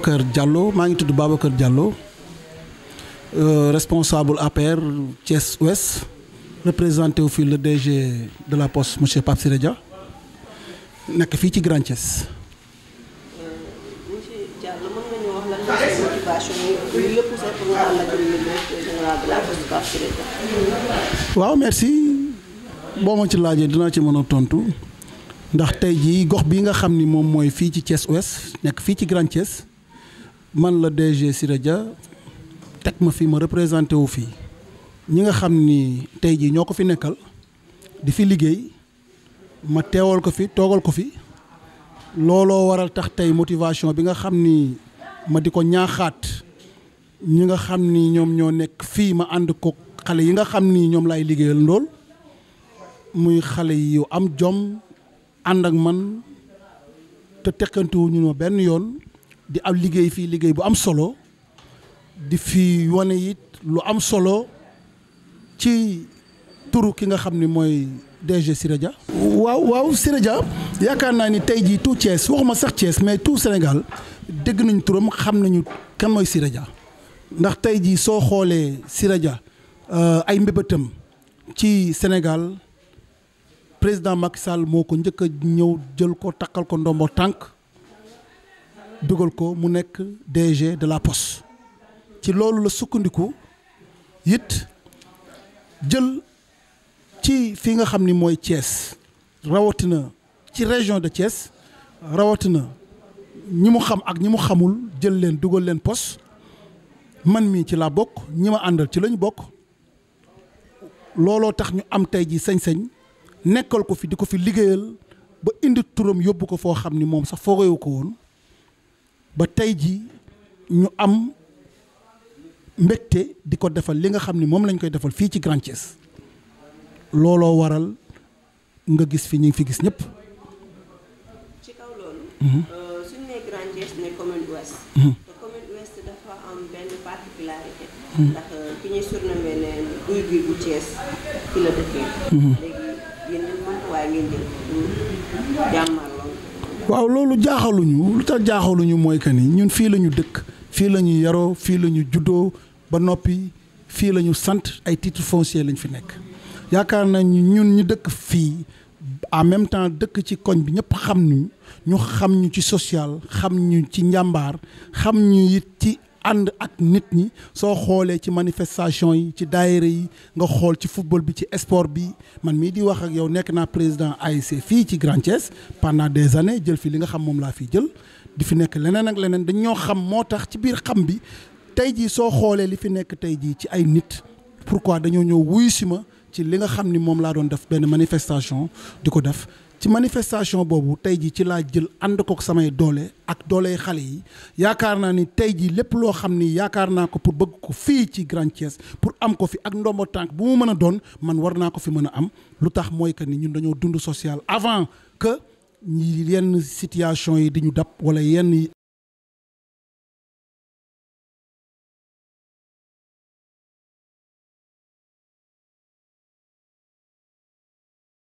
kër Diallo maa ngi tudd Babacar Diallo euh, responsable APR Thiès Ouest représenté wu fii le DG de la poste monsieur Pape Siré Dia nekk fii ci Grand Thiès. waaw merci boo ma ci laajee dinaa ci mën a tontu. ndax tey jii gox bi nga xam ni moom mooy fii ci Thiès Ouest nekk fii ci Grand Thiès man la DG sira ja teg ma fi ma représenté wu fii ñi nga xam ni tey jii ñoo ko fi nekkal di fi liggéey ma teewal ko fi toogal ko fi looloo waral tax tey motivation bi nga xam ni ma di ko ñaaxaat ñi nga xam ni ñoom ñoo nekk fii ma ànd ko xale yi nga xam ni ñoom laay liggéeyal ndool muy xale yu am jom ànd ak man te tekkantewu ñu ma benn yoon di am liggéey fii liggéey bu am solo di fi wane it lu am solo ci turu ki nga xam ni mooy DG Siré Dia waaw waaw Siré Dia yaakaar naa ni tey jii tout Thiès waxuma sax Thiès mais tout Sénégal dégg nañu turam xam nañu kan mooy Siré Dia ndax tey jii soo xoolee Siré Dia euh, ay mbébétam ci Sénégal président Macky Sall moo ko njëkk a ñëw jël ko takkal ko ndombo tànk dugal ko mu nekk DG de la poste ci loolu la sukkandiku it jël ci fi nga xam ni mooy Thiès rawatina ci région de Thiès rawatina ñi mu xam ak ñi mu xamul jël leen dugal leen poste man mii ci laa bokk ñi ma àndal ci lañu bokk looloo tax ñu am tey ji sañ-sañ nekkal ko fi di ko fi liggéeyal ba indi turam yóbbu ko foo xam ni moom sax foogewu ko woon ba tey ji ñu am mbégte di ko defal li nga xam ni moom lañ koy defal fii ci Grand Thiès looloo waral nga gis fi ñu ngi fi gis ñëpp. ci waaye loolu. waaw loolu jaaxaluñu lu tax jaaxaluñu mooy que ni ñun fii lañu dëkk fii lañu ñu yaroo fii la ñu juddoo ba noppi fii lañu sant ay titre foncier lañ fi nekk yaakaar nañ ñun ñu dëkk fii. en même temps dëkk ci koñ bi ñëpp xam ñu ñu xam ñu ci social xam ñu ci njàmbaar xam ñu it ci ànd ak nit ñi soo xoolee ci manifestation yi ci daayira yi nga xool ci football bi ci sport bi man mii di wax ak yow nekk naa président ASC fii ci Grand Thiès pendant des années jël fii li nga xam moom laa fi jël di fi nekk leneen ak leneen dañ ñoo xam moo tax ci biir xam bi tey jii soo xoolee li fi nekk tey jii ci ay nit pourquoi dañoo ñëw wuyu si ma ci li nga xam ni moom laa doon def benn manifestation di ko def ci manifestation boobu tey ji ci laa jël ànd kook samay doole ak dooley xale yi yaakaar naa ni tey ji lépp loo xam ni yaakaar naa ko pour bëgg ko fii ci Grand Thiès pour am ko fi ak ndombo tànk bu mu mën a doon man war naa ko fi mën a am lu tax mooy que ni ñun dañoo dund social avant que yenn situation yi di ñu dab wala yenn